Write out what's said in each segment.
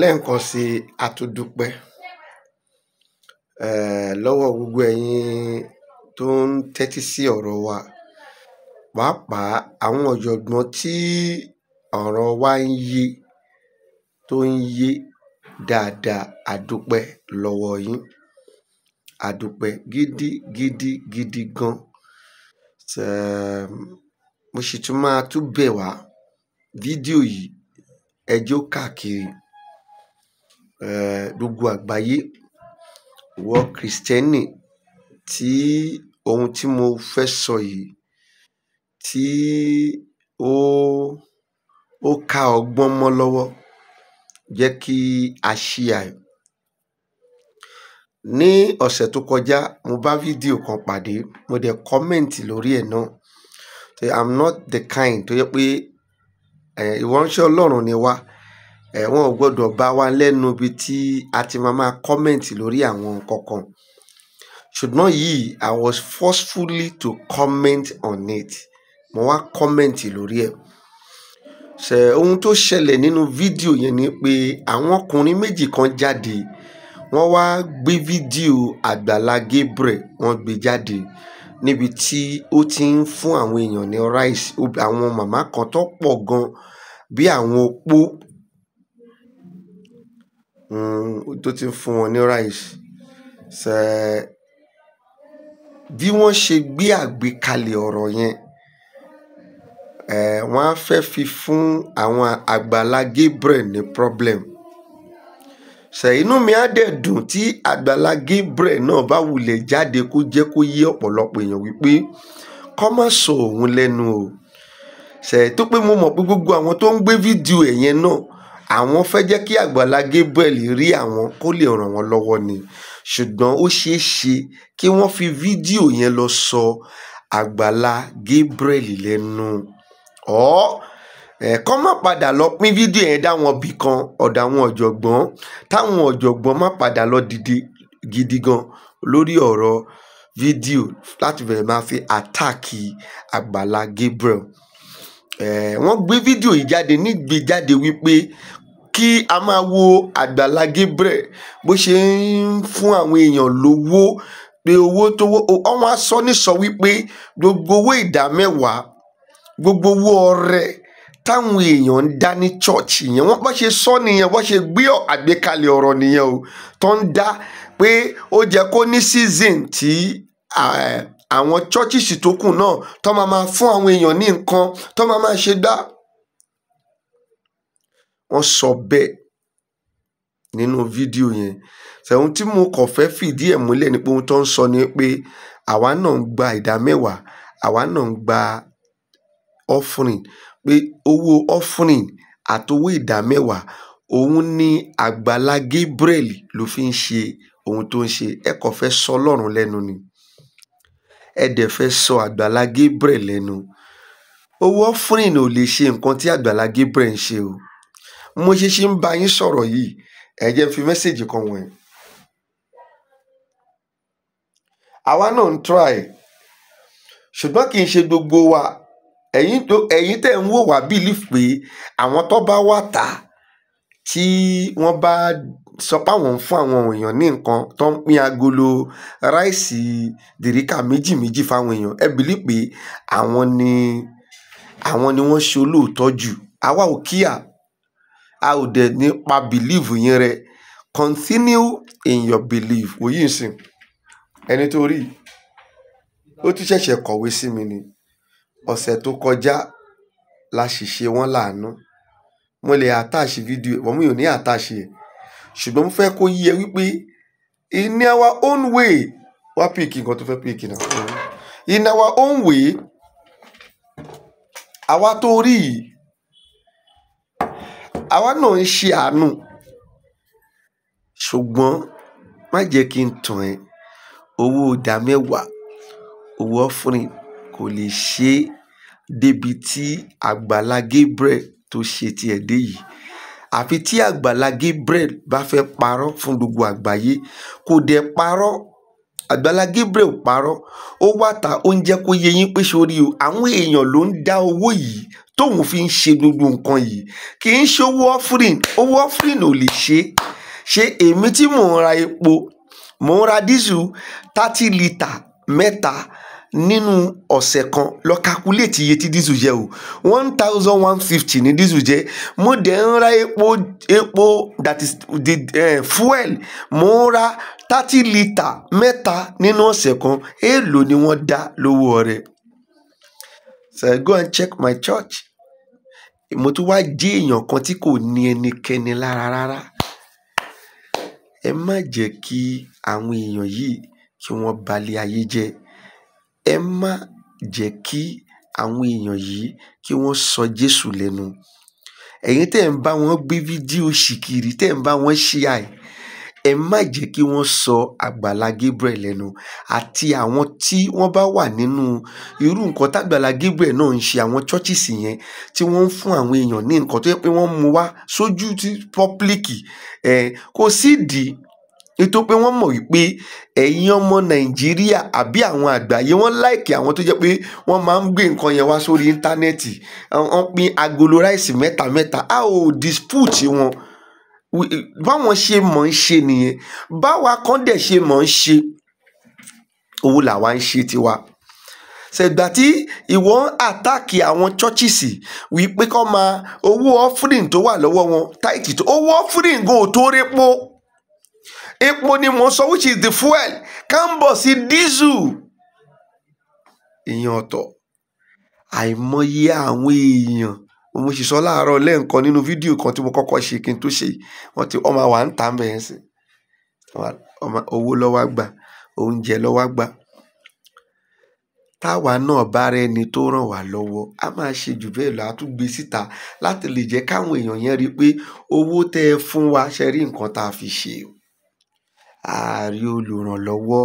lẹ́ẹ̀kan sí i a tún dúpẹ́ lọ́wọ́ gbogbo ẹ̀yin tó ń tẹ́tí sí ọ̀rọ̀ wa pàápàá àwọn ọ̀jọ̀gbọ́n tí ọ̀rọ̀ wa ń yé tó ń yé dáadáa a lọ́wọ́ yín a dúpẹ́ gidi gidi gidi gan mo sì tún máa tún bẹ̀ wá fídíò yìí ẹjọ́ káàkiri eh, gbogbo àgbáyé ìwọ kristẹni tí ohun tí mo fẹ́ sọ yìí tí ó ó ká ọgbọ́n mọ́ lọ́wọ́ jẹ́ kí a share ẹ̀. ní ọ̀sẹ̀ tó kọjá mo bá fídíò kan pàdé mo dẹ̀ kọ́mẹ̀ǹtì lórí ẹ̀ náà I'm not the kind tó yẹ pé ìwọ ń ṣe Ọlọ́run ni wá wọn ò gbọ́dọ̀ bá wa lẹ́nu ibi tí a ti máa máa kọ́mẹ̀ǹtì lórí àwọn nǹkan ṣùgbọ́n yìí I was forcefully to comment on it mo wá kọ́mẹ̀ǹtì lórí ẹ̀ ṣe ohun tó ṣẹlẹ̀ nínú fídíò yẹn ni pé àwọn ọkùnrin méjì kan jáde wọ́n wá gbé fídíò Àgbàlá Gabriel wọ́n gbé jáde níbi tí ó ti ń fún àwọn èèyàn ní rice àwọn màmá kan tó pọ̀ gan-an bí àwọn opó hmm, tó ti ń fún wọn ní ráìsì bí wọ́n ṣe gbé àgbékalẹ̀ ọ̀rọ̀ yẹn wọ́n á fẹ́ fi fún àwọn Àgbàlá Gabriel ní problem ṣe inú mi á dẹ̀ dùn tí Àgbàlá Gabriel náà bá wulẹ̀ jáde kó jẹ́ kó yé ọ̀pọ̀lọpọ̀ èèyàn wípé kọ́ má sọ òun lẹ́nu o ṣe tó pé mo mọ̀ pé gbogbo àwọn tó ń gbé fídíò ẹ̀ yẹn náà àwọn fẹ́ jẹ́ kí Àgbàlá Gabriel rí àwọn kó lè ràn wọ́n lọ́wọ́ ni ṣùgbọ́n ó ṣeé ṣe kí wọ́n fi fídíò yẹn lọ sọ Àgbàlá Gabriel lẹ́nu ọ́ ẹ̀kọ́ má padà lọ pín fídíò yẹn dáwọn ibì kan ọ̀dọ̀ àwọn ọ̀jọ̀gbọ́n táwọn ọ̀jọ̀gbọ́n má padà lọ dìde gidi gan lórí ọ̀rọ̀ fídíò láti bẹ̀rẹ̀ máa fi àtàkì Àgbàlá Gabriel. Eh, wọ́n gbé fídíò yìí jáde nígbè jáde wípé kí a máa wo Àgbàlá Gabriel bó ṣe ń fún àwọn èèyàn lówó pé owó tó wọ́n á sọ nísọ wípé gbogbo owó ìdá mẹ́wàá gbogbo owó ọrẹ táwọn èèyàn ń dá ní church yẹn wọ́n bá ṣe sọ nìyẹn wọ́n ṣe gbé àgbékalẹ̀ ọ̀rọ̀ nìyẹn o tó ń dá pé ó jẹ́ kó ní season tí eh, àwọn chọ́chìsì tó kù náà tó máa máa fún àwọn èèyàn ní nǹkan tó máa máa ṣe dá wọ́n sọ bẹ́ẹ̀ nínú fídíò yẹn ṣẹ̀hun tí mo kàn fẹ́ fìdí ẹ̀ múlẹ̀ ni pé ohun tó ń sọ ni pé àwa náà ń gba ìdá mẹ́wàá àwa náà ń gba offering pé owó offering àtowó ìdá mẹ́wàá òun ni àgbàlá Gabriel ló fi ń ṣe ohun tó ń ṣe ẹ kò fẹ́ sọ Ọlọ́run lẹ́nu ni ẹ dẹ̀ fẹ́ sọ àgbàlá Gabriel lẹ́nu owó offering ò lè ṣe nǹkan tí àgbàlá Gabriel ń ṣe o mo ṣe ṣe ń bá yín sọ̀rọ̀ yìí ẹ jẹ́ fi mẹ́sẹ̀gì kan wọ̀nyí. àwa náà ń try ṣùgbọ́n kì í ṣe gbogbo wa ẹ̀yin tó ẹ̀yin tẹ̀ ń wò wá bílíf pé àwọn tó bá wà tà tí wọ́n bá sọ pé àwọn ń fún àwọn èèyàn ní nǹkan tó ń pín agolo ráìsì dèríkà méjì méjì fáwọn èèyàn ẹ bìlí pé àwọn ni àwọn ni wọ́n ṣe olóòótọ́ jù àwa ò kíyà a ò dẹ̀ nípa belief yẹn rẹ continue in your belief òyì ìsìn ẹni tó rí ó tún ṣẹ̀ṣẹ̀ kọ̀wé sí mi ni ọ̀sẹ̀ tó kọjá la ṣìṣe wọn láàánú mo lè àtàṣe fídíò ẹ̀ mi ò ní àtàṣe ẹ̀ ṣùgbọ́n mo fẹ́ kó yẹ wípé in our own way wá píìkì nǹkan tó fẹ́ píìkì náà in our own way àwa tó rí yìí àwa náà ń ṣe àánú ṣùgbọ́n má jẹ́ kí n tàn ẹ́ owó ìdá mẹ́wàá owó ọ́fìnrin kò lè ṣe é débi tí Àgbàlá Gabriel tó ṣe tiẹ̀ dé yìí àfi tí Àgbàlá Gabriel bá fẹ́ parọ́ fún gbogbo àgbáyé kò dẹ̀ parọ́ Àgbàlá Gabriel parọ́ ó wá ta oúnjẹ kó yẹ yín pé sórí o àwọn èèyàn ló ń dá owó yìí tóun fi ń ṣe gbogbo nǹkan yìí kì í ṣe owó offering owó offering ò lè ṣe ṣe èmi tí mò ń ra epo mò ń ra dísù thirty litre mẹ́ta nínú ọ̀sẹ̀ kan lọ calculate iye tí diesel jẹ́ o one thousand one fifty ní diesel jẹ́ mo dẹ̀ ń ra epo epo that is the uh, fuel mo ń ra thirty litre mẹ́ta nínú ọ̀sẹ̀ kan èèlò ni wọ́n dá lówó rẹ̀ so I go and check my church mo tún wá jẹ́ èèyàn kan tí kò ní ẹnikẹ́ni lára rárá ẹ má jẹ́ kí àwọn èèyàn yìí kí wọ́n balẹ̀ ayé jẹ́ ẹ má jẹ́ kí àwọn èèyàn yìí kí wọ́n sọ jésù lẹ́nu ẹ̀yin tẹ́ ẹ̀ ń bá wọn gbé fídíò ṣìkìrì tẹ́ ẹ̀ ń bá wọn ṣí àì ẹ má jẹ́ kí wọ́n sọ àgbàlá Gabriel lẹ́nu àti àwọn tí wọ́n bá wà nínú irú nǹkan tágbàlá Gabriel náà ń ṣe àwọn chọ́chìsì yẹn tí wọ́n ń fún àwọn èèyàn ní nǹkan tó yẹ pé wọ́n mú wá sójú tí pọ́pílíkì kò sídìí nítorí pé wọ́n mọ̀ wípé ẹ̀yin ọmọ nàìjíríà àbí àwọn àgbáyé wọ́n láìkì àwọn tó jẹ́ pé wọ́n máa ń gbé nǹkan yẹn wá sórí íńtánẹ́ẹ̀tì wọ́n pín agolo ráìsì mẹ́ta mẹ́ta a ò dispute wọn báwọn ṣe mọ̀ ń ṣe nìyẹn báwa kan dẹ̀ ṣe mọ̀ ń ṣe owó làwa ń ṣe tiwa ṣègbà tí ìwọ ń àtàkì àwọn chọ́chìsì wípé kọ́ máa owó ọ́fírìn tó wà lọ́wọ́ wọn táìtì tó owó offering gò tó rẹ́pọ̀ epo ni mo ń sọ which is the fuel kámbọ̀sì diesel èèyàn ọ̀tọ̀ àìmọye àwọn èèyàn mo sì sọ láàárọ̀ lẹ́ẹ̀kan nínú fídíò kan tí mo kọ́kọ́ ṣe kí n tó ṣe wọ́n ti ọmọ àwa ń tà ń bẹ̀rẹ̀ sí owó lọ́wọ́ àgbà oúnjẹ lọ́wọ́ àgbà táwa náà bá rẹ ni tó ràn wá lọ́wọ́ a máa ṣe jù bẹ́ẹ̀ lọ a síta láti lè jẹ́ káwọn èèyàn yẹn rí i pé owó tẹ́ ẹ fún wa ṣe rí nǹkan tá a fi ṣe o a rí olùrànlọ́wọ́.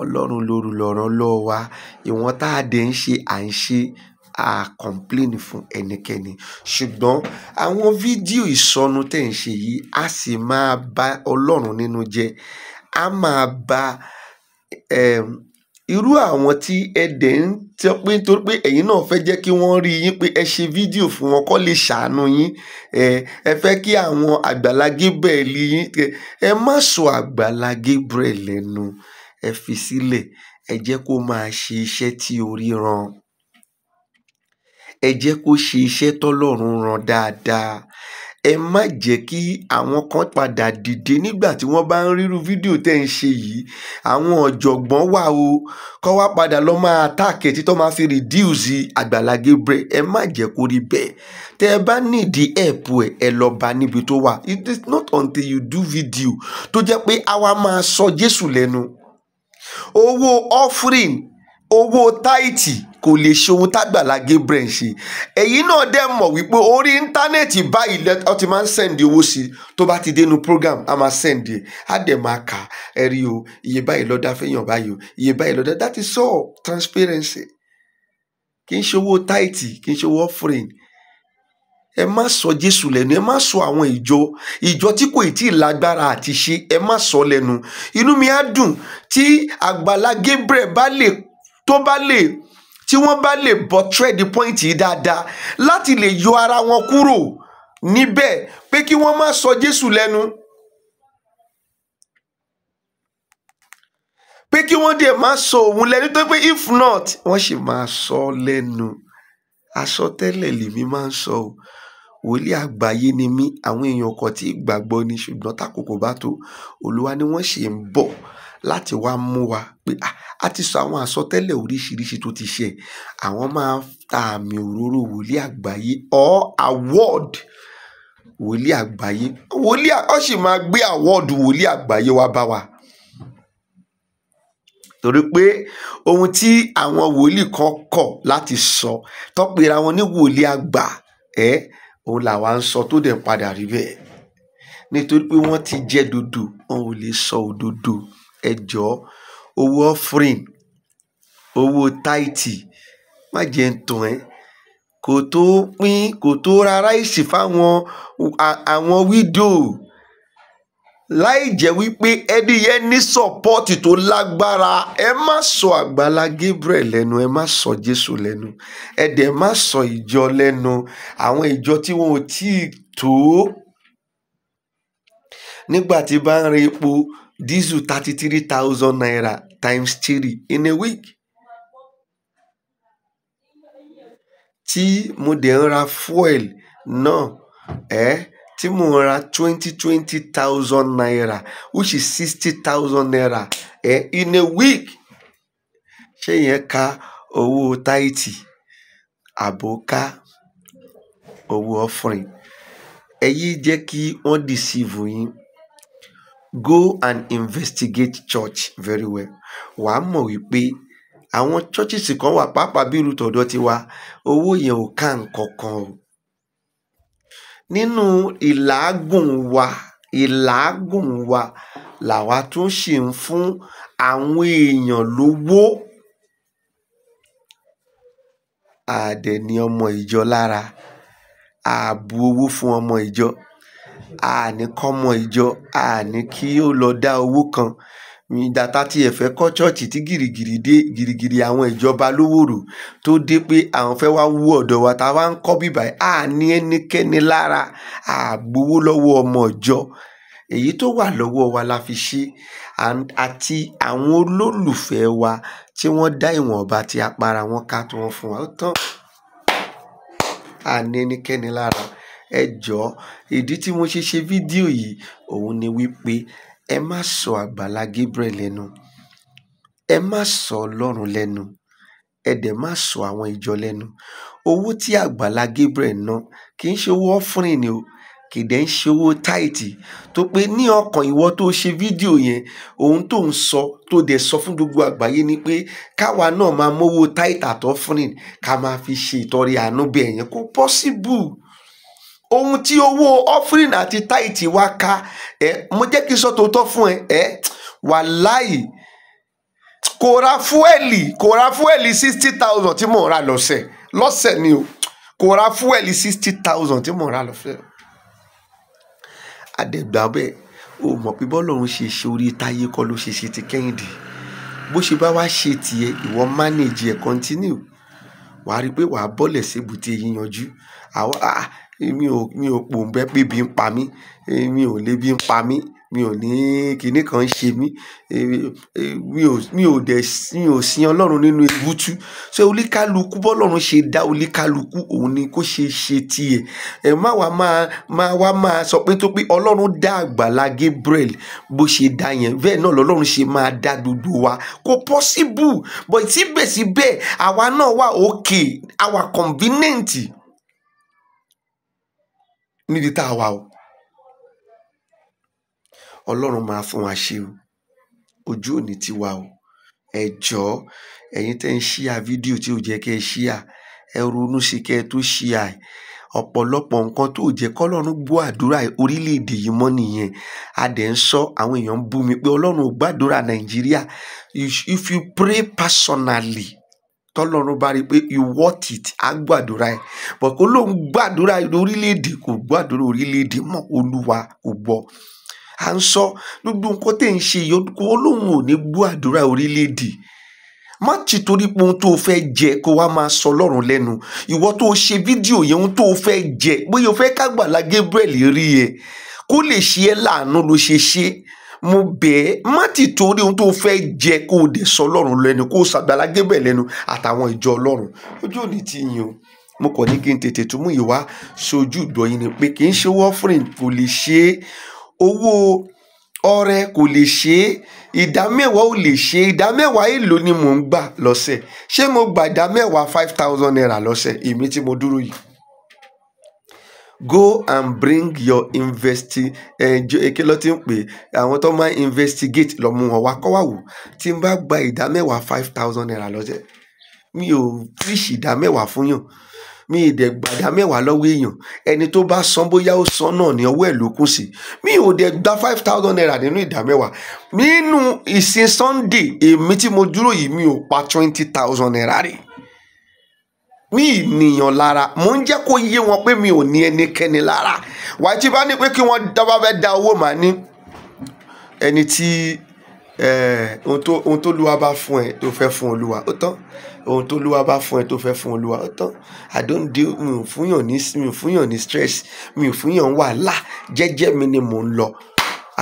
Ọlọ́run lolùrànlọ́wọ́ wa. Ìwọ̀n táa dẹ̀ ń ṣe à ń ṣe, a complain fún ẹnikẹ́ni. Ṣùgbọ́n àwọn fídíò ìṣọnù tẹ̀ ń ṣe yìí a sì máa ba Ọlọ́run nínú jẹ. A máa ba, ẹm irú àwọn tí ẹ dẹ̀ ń sọ pé nítorí pé ẹ̀yin náà fẹ́ jẹ́ kí wọ́n rí yín pé ẹ ṣe fídíò fún wọn kó lè ṣàánú yín ẹ fẹ́ kí àwọn Àgbàlá Gabriel yín ẹ má sọ Àgbàlá Gabriel lẹ́nu ẹ fi sílẹ̀ ẹ jẹ́ kó máa ṣe iṣẹ́ tí orí rán ẹ jẹ́ kó ṣe iṣẹ́ tọ́lọ́run rán dáadáa ẹ má jẹ́ kí àwọn kan padà dìde nígbà tí wọ́n bá ń rírú fídíò tẹ́ ń ṣe yìí àwọn ọ̀jọ̀gbọ́n wà o kọ́ wá padà lọ máa táàkì títọ́ máa fi rìdíùsì Àgbàlá Gabriel ẹ má jẹ́ kó rí bẹ́ẹ̀ tẹ́ ẹ bá nídìí ẹ̀pù ẹ̀ ẹ lọ bá níbi tó wà it is not until you do video tó jẹ́ pé àwa máa sọ Jésù lẹ́nu owó offering owó táìtì kò lè ṣe ohun tágbàlá Gabriel ń ṣe èyí náà dẹ̀ mọ̀ wípé orí íńtánẹ́ẹ̀tì báyìí lẹ́tọ́ ti máa ń sẹ́ǹdì owó sí tó bá ti dénú program a máa sẹ́ǹdì ẹ̀ á dẹ̀ máa kà ẹ rí o iye báyìí lọ́dá fẹ́yàn báyìí o iye báyìí lọ́dá that is all transparency kì í ṣe owó táìtì kì í ṣe owó offering ẹ má sọ jésù lẹ́nu ẹ má sọ àwọn ìjọ ìjọ tí kò tí ì lágbára àti ṣe ẹ má sọ lẹ́nu inú mi á dùn tí àgbàlá Gabriel bá lè tó bá lè tí wọ́n bá lè bọ́ tírẹ́dì pọ́ìntì dáadáa láti lè yọ ara wọn kúrò níbẹ̀ pé kí wọ́n má sọ Jésù lẹ́nu. pé kí wọ́n dẹ̀ má sọ òun lẹ́nu tó pé if not wọ́n sì máa sọ lẹ́nu àsọtẹ́lẹ̀ lèmi máa ń sọ o wòlíì àgbáyé ni mí àwọn èèyàn kan tí gbàgbọ́ ni ṣùgbọ́n tákòkò bá tó Olúwa ni wọ́n ṣe ń bọ̀ láti wá mú wa pé a ti sọ àwọn àsọtẹ́lẹ̀ oríṣiríṣi tó ti ṣe àwọn máa ta àmì òróró wòlíì àgbáyé or award wòlíì àgbáyé wòlíì ó sì máa gbé award wòlíì àgbáyé wá bá wa torí pé ohun tí àwọn wòlíì kan kọ̀ láti sọ tó pera wọn ní wòlíì àgbà ẹ òun làwa ń sọ tó dẹ̀ padà rí bẹ́ẹ̀ nítorí pé wọ́n ti jẹ́ dodo wọn ò lè sọ òdodo. So ẹ jọ̀ọ́ owó offering owó táìtì má jẹ́ ń tàn ẹ́ kò tó pín kò tó ra ráìsì fáwọn àwọn widow láì jẹ́ wípé ẹni yẹn ní sọ́pọ́ọ̀tì tó lágbára ẹ má sọ àgbàlá Gabriel lẹ́nu ẹ má sọ Jésù lẹ́nu ẹ dẹ̀ má sọ ìjọ lẹ́nu àwọn ìjọ tí wọn ò tí ì tó nígbà tí bá ń re epo diesel thirty three thousand naira times three in a week tí mo dẹ̀ ń ra fuel náà ẹ́ tí mo ń ra twenty twenty thousand naira which is sixty thousand naira ẹ́ in a week ṣé yẹn ka owó táìtì àbò ká owó ọ̀fìn èyí jẹ́ kí wọ́n dìsìvù yín go and investigate church very well wà á mọ̀ wípé àwọn churches kan wà pàápàá bí irú tọ̀dọ̀ tiwa owó yẹn ò ká nǹkan o nínú ìlàágùn wa ìlàágùn wa làwa tún ṣì ń fún àwọn èèyàn lówó àdẹ̀ ni ọmọ ìjọ lára ààbò owó fún ọmọ ìjọ a ní kọ́mọ ìjọ, a ní kí ó lọ dá owó kan. Ìgbàta tí ẹ̀ fẹ́ kọ́ ṣọ́ọ̀ṣì tí gìrìgìrì dé, gìrìgìrì àwọn ìjọba lówó rù tó dé pé àwọn fẹ́ wá wó ọ̀dọ̀ wa táa wá ń kọ́ bíbàí, a ní ẹnikẹ́ni lára, a gbowó lọ́wọ́ ọmọ ìjọ. Èyí tó wà lọ́wọ́ wa la fi ṣe, àti àwọn olólùfẹ́ wa tí wọ́n dá ìwọ̀nba tí apara wọn ká tí wọ́n fún wa. Ó tán. A ní ẹnikẹ́ni lára. Ẹ jọ̀ọ́, ìdí tí mo ṣe ṣe fídíò yìí òun ni wípé ẹ má sọ Àgbàlá Gabriel lẹ́nu, ẹ má sọ Ọlọ́run lẹ́nu, ẹ dẹ̀ má sọ àwọn ìjọ lẹ́nu. Owó tí Àgbàlá Gabriel ná kì í ṣe owó offering ni o, kì í dẹ̀ ń ṣe owó tithe tó pé ní ọkàn ìwọ tó ṣe fídíò yẹn, ohun tó ń sọ tó dẹ̀ sọ fún gbogbo àgbáyé ni pé káwa náà máa mówó tithe àti offering ká máa fi ṣe ìtọrẹ àánú bẹ́ẹ̀ yẹn kò possible ohun tí owó offering àti táìtì wa ka ẹ mo jẹ́ kí n sọ tòótọ́ fún ẹ ẹ wàláì kò ra fúẹ́lì kò ra fúẹ́lì sixty thousand tí mò ń ra lọ́sẹ̀ lọ́sẹ̀ ni o kò ra fúẹ́lì sixty thousand tí mò ń ra lọ́sẹ̀ àdẹ̀gbà bẹ́ẹ̀ o mọ̀ pé bọ́lọ́run ṣe ṣe orí táyé kọ́ ló ṣe ṣe ti kẹ́hìndé bó ṣe bá wá ṣe tiẹ̀ ìwọ manage ẹ̀ continue wàá rí i pé wàá bọ́lẹ̀ síbùtì yíyanjú àwọn Mi ò, mi ò pòǹgbẹ pé bí ń pa mí, eh, mi ò lè bí ń pa mí, mi ò ní kíní kan ṣe mí, eh, eh, mi ò, mi ò dẹ̀, mi ò sin Ọlọ́run nínú ewútú. So oníkálukú, bí Ọlọ́run ṣe dá oníkálukú, òun ni kó ṣe ṣe ti ẹ̀. Ẹ má wa máa, máa wa máa sọ pé tó pé Ọlọ́run dá Àgbàlá Gabriel bó ṣe dá yẹn, bẹ́ẹ̀ náà lọ́lọ́run ṣe máa dá gbogbo wa. Kò possible, but síbẹ̀síbẹ̀ àwa náà wà okay, àwa convenient níbi tá a wà o ọlọ́run máa fún wa ṣe o ojú òní ti wà o ẹ jọ̀ọ́ ẹ̀yin tẹ́ ń ṣíà fídíò tí ò jẹ́ kẹ́ ẹ ṣíà ẹ ronú sí kẹ́ ẹ tó ṣíà ẹ̀ ọ̀pọ̀lọpọ̀ nǹkan tó jẹ́ kọ́lọ́run gbọ́ àdúrà orílẹ̀ yìí mọ́ nìyẹn a ń sọ àwọn èèyàn ń bú mi pé ọlọ́run ò gbàdúrà nàìjíríà if you pray personally tọ́lọ́run bá rí i pé you want it á gbàdúrà ẹ̀ bọ̀ kó ló ń gbàdúrà orílẹ̀-èdè kò gbàdúrà orílẹ̀-èdè mọ́ olúwa kò gbọ́ à ń sọ gbogbo nǹkan tẹ̀ ń ṣe ìyọkọ olóhùn ò ní gbàdúrà orílẹ̀-èdè má ti torí pé ohun tó o fẹ́ jẹ kó wá máa sọ lọ́rùn lẹ́nu ìwọ tó o ṣe fídíò yẹn ohun tó o fẹ́ jẹ bóyá o fẹ́ kágbàlá Gabriel rí ẹ kó lè ṣe ẹ́ láàánú ló ṣe ṣe mo bẹ́ẹ̀ má ti torí ohun tó fẹ́ jẹ kó o dẹ̀ sọ ọlọ́run lẹ́nu kó o ṣàgbàlá Gabriel lẹ́nu àtàwọn ìjọ ọlọ́run ojú ò ti yín o mo kàn ní kí n tètè tún mú ìwá sojú ìgbọ̀yìn ni pé kì í ṣe wọ́fìrìn kò lè ṣe é owó ọrẹ kò lè ṣe é ìdámẹ́wàá ò lè ṣe é ìdámẹ́wàá èlò ni mò ń gbà lọ́sẹ̀ ṣé mo gbà ìdámẹ́wàá five thousand naira lọ́sẹ̀ èmi tí mo dúró yìí go and bring your investi eh, eh, kí ló ti ń pè àwọn tó máa investigate lọ mú wọn wá kọ́ wá wò tí n bá gba ìdá mẹ́wàá five thousand naira lọ́jẹ́ mi ò ríṣì ìdá mẹ́wàá fún yàn mi ì dẹ̀ gba ìdá mẹ́wàá lọ́wọ́ èèyàn ẹni tó bá san bóyá ó san náà ní ọwọ́ ẹ̀ ló kù sí mi ò dẹ̀ gba five thousand naira nínú ìdá mẹ́wàá nínú ìsìn Sunday èmi tí mo dúró yìí mi ò pa twenty thousand naira rí mi nìyàn lára mò ń jẹ́ kó yé wọn pé mi ò ní ẹnikẹ́ni lára wàá tí bá ní pé kí wọ́n dábàá fẹ́ da owó màá ní ẹni tí ohun tó lúwa bá fún ẹ tó fẹ́ fún olúwa ó tán ohun tó lúwa bá fún ẹ tó fẹ́ fún olúwa ó tán i don't deal mi ò fúnyàn ní mi ò fúnyàn ní stress mi ò fúnyàn wàhálà jẹ́jẹ́ mi ni mò ń lọ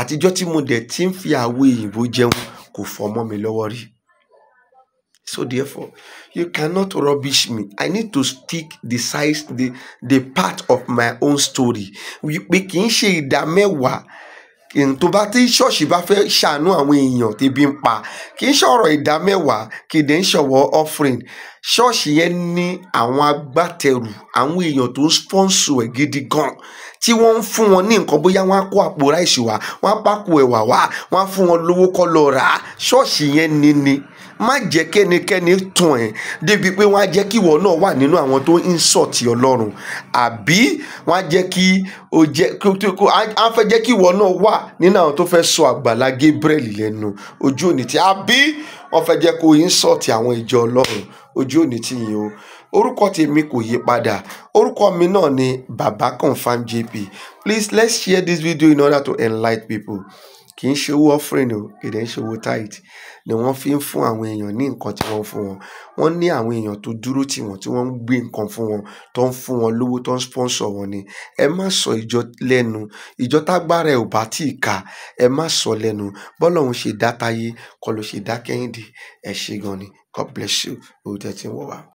àtijọ́ tí mo dẹ̀ ti ń fi àwo òyìnbó jẹun kò fọmọ́ mi lọ́wọ́ rí So therefore, you cannot rubbish me. I need to speak the size, the, the part of my own story. We kì í ṣe ìdá mẹ́wàá tó bá tí ṣọ́ọ̀ṣì bá fẹ́ ṣàánú àwọn èèyàn tẹ́bi ń pa kì í ṣọ̀rọ̀ ìdá mẹ́wàá kéde offering ṣọ́ọ̀ṣì yẹn ní àwọn agbátẹrù àwọn èèyàn tó ń sponsor a gidi gan tí wọ́n ń fún wọn ní nǹkan bóyá wọ́n á kó àpò ráìsì wá wọ́n á pákó ẹ̀wà wá wọ́n á fún wọn lówó kọ́ lọ ni. ni má jẹ́ kẹ́nikẹ́ni tàn ẹ́ débi pé wọ́n á jẹ́ kí ìwọ náà wà nínú àwọn tó insult ọlọ́run àbí wọ́n á jẹ́ kí o jẹ́ kó á fẹ́ jẹ́ kí ìwọ náà wà nínú àwọn tó fẹ́ sọ àgbàlá Gabriel lẹ́nu ojú òní tí àbí wọ́n fẹ́ jẹ́ kó insult àwọn ìjọ ọlọ́run ojú òní tí yìí o orúkọ tèmi kò yí padà orúkọ mi náà ni baba confam jp please let's share this video in order to enlighten people kì í ṣe owó offering o kì í dẹ̀ ṣe owó tithe ni wọ́n fi ń fún àwọn èèyàn ní nǹkan tí wọ́n ń fún wọn. Wọ́n ní àwọn èèyàn tó dúró tì wọ́n tí wọ́n ń gbé nǹkan fún wọn, tó ń fún wọn lówó, tó ń sponsor wọn ni. Ẹ má sọ ìjọ lẹ́nu. Ìjọ tágbára ẹ̀ ò bá tíì ka, ẹ má sọ lẹ́nu. Bọ́lọ́run ṣe dá Táyé, kọ́ ló ṣe dá Kẹ́hìndé. Ẹ ṣe gan ni. God bless you. Ibi tí ẹ ti ń wò